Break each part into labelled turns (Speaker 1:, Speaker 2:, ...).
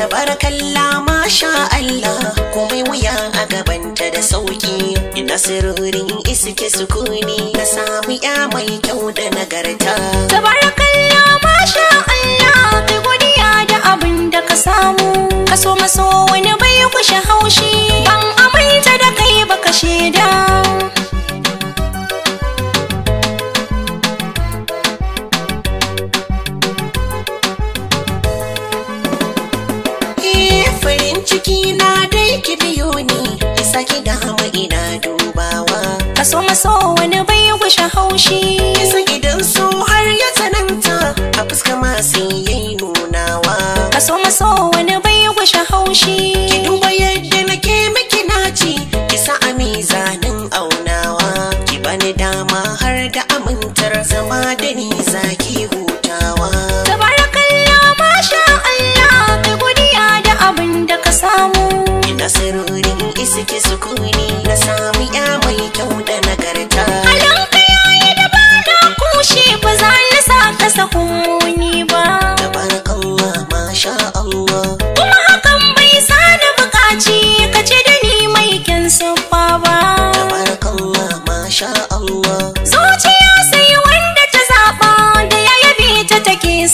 Speaker 1: tabarakalla masha Allah kuma wuya a gabanta da sauki nasirorin iske sukuni na samu ya mai kyau da nagarta tabarakalla masha Allah kai godiya da abin da ka samu kaso maso wani bai kushe haushi ban aminta da kai baka shaida na dai ki biyo ni isa da dama ina dubawa kaso maso wani bai gushe haushi isa gidan so har ya tananta a fuska masu yi nunawa kaso maso wani bai gushe haushi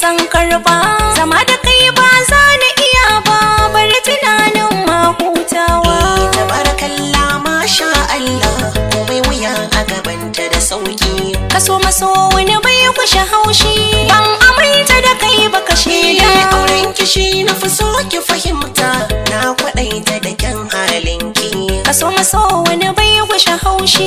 Speaker 1: san karba zama da kai ba za na iya ba bari tunanin mahutawa tabarakallah masha Allah komai wuya a gabanta da sauki kaso maso wani bai kushe haushi ban aminta da kai ba kashe da auren kishi na fuso so ki fahimta na kwadaita da kyan ki kaso maso wani bai kushe haushi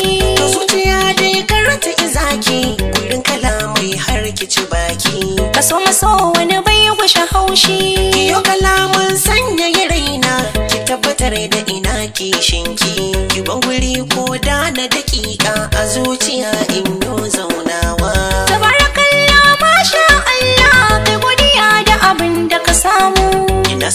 Speaker 1: yi wa wuri ko da na daƙiƙa a zuciya in yo zaunawa tabarakallah masha Allah kai godiya da abin da ka samu ina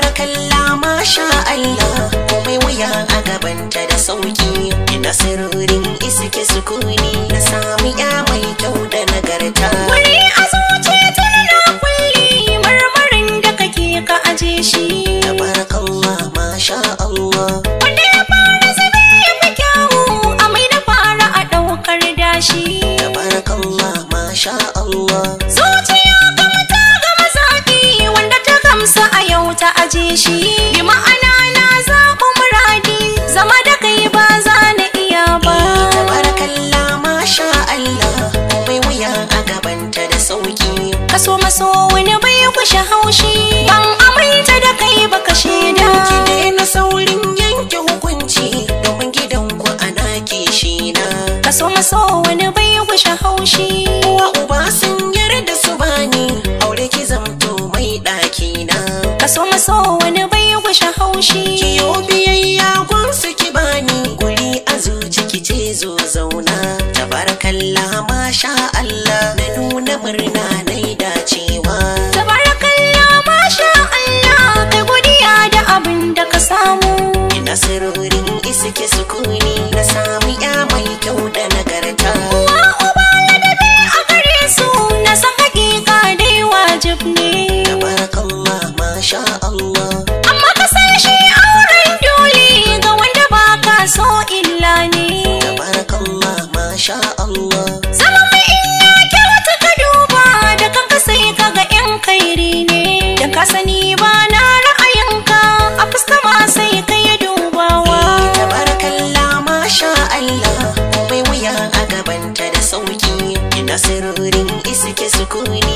Speaker 1: tabarakalla masha Allah komai wuya a gabanta da sauki ina sirrin iske sukuni na sami ya mai kyau da nagarta wani a zuciya shi bi ma'ana na zaɓi muradi zama da kai ba za na iya ba kalla masha Allah bai wuya a gabanta da sauki kaso maso wani bai kushe haushi ban aminta da kai ba ka shaida ki na saurin yanke hukunci domin gidan ku ke shi na kaso maso wani bai kushe haushi uwa uba sun Ki kiyo biyayya kun suki bani guri a zuci ce zo zauna tabarakalla masha Allah na nuna murna nai dacewa tabarakalla masha Allah kai godiya da abin da ka samu ina sirrin iske sukuni na samu ya Allah mai wuya a gabanta da sauki ina sirrin iske sukuni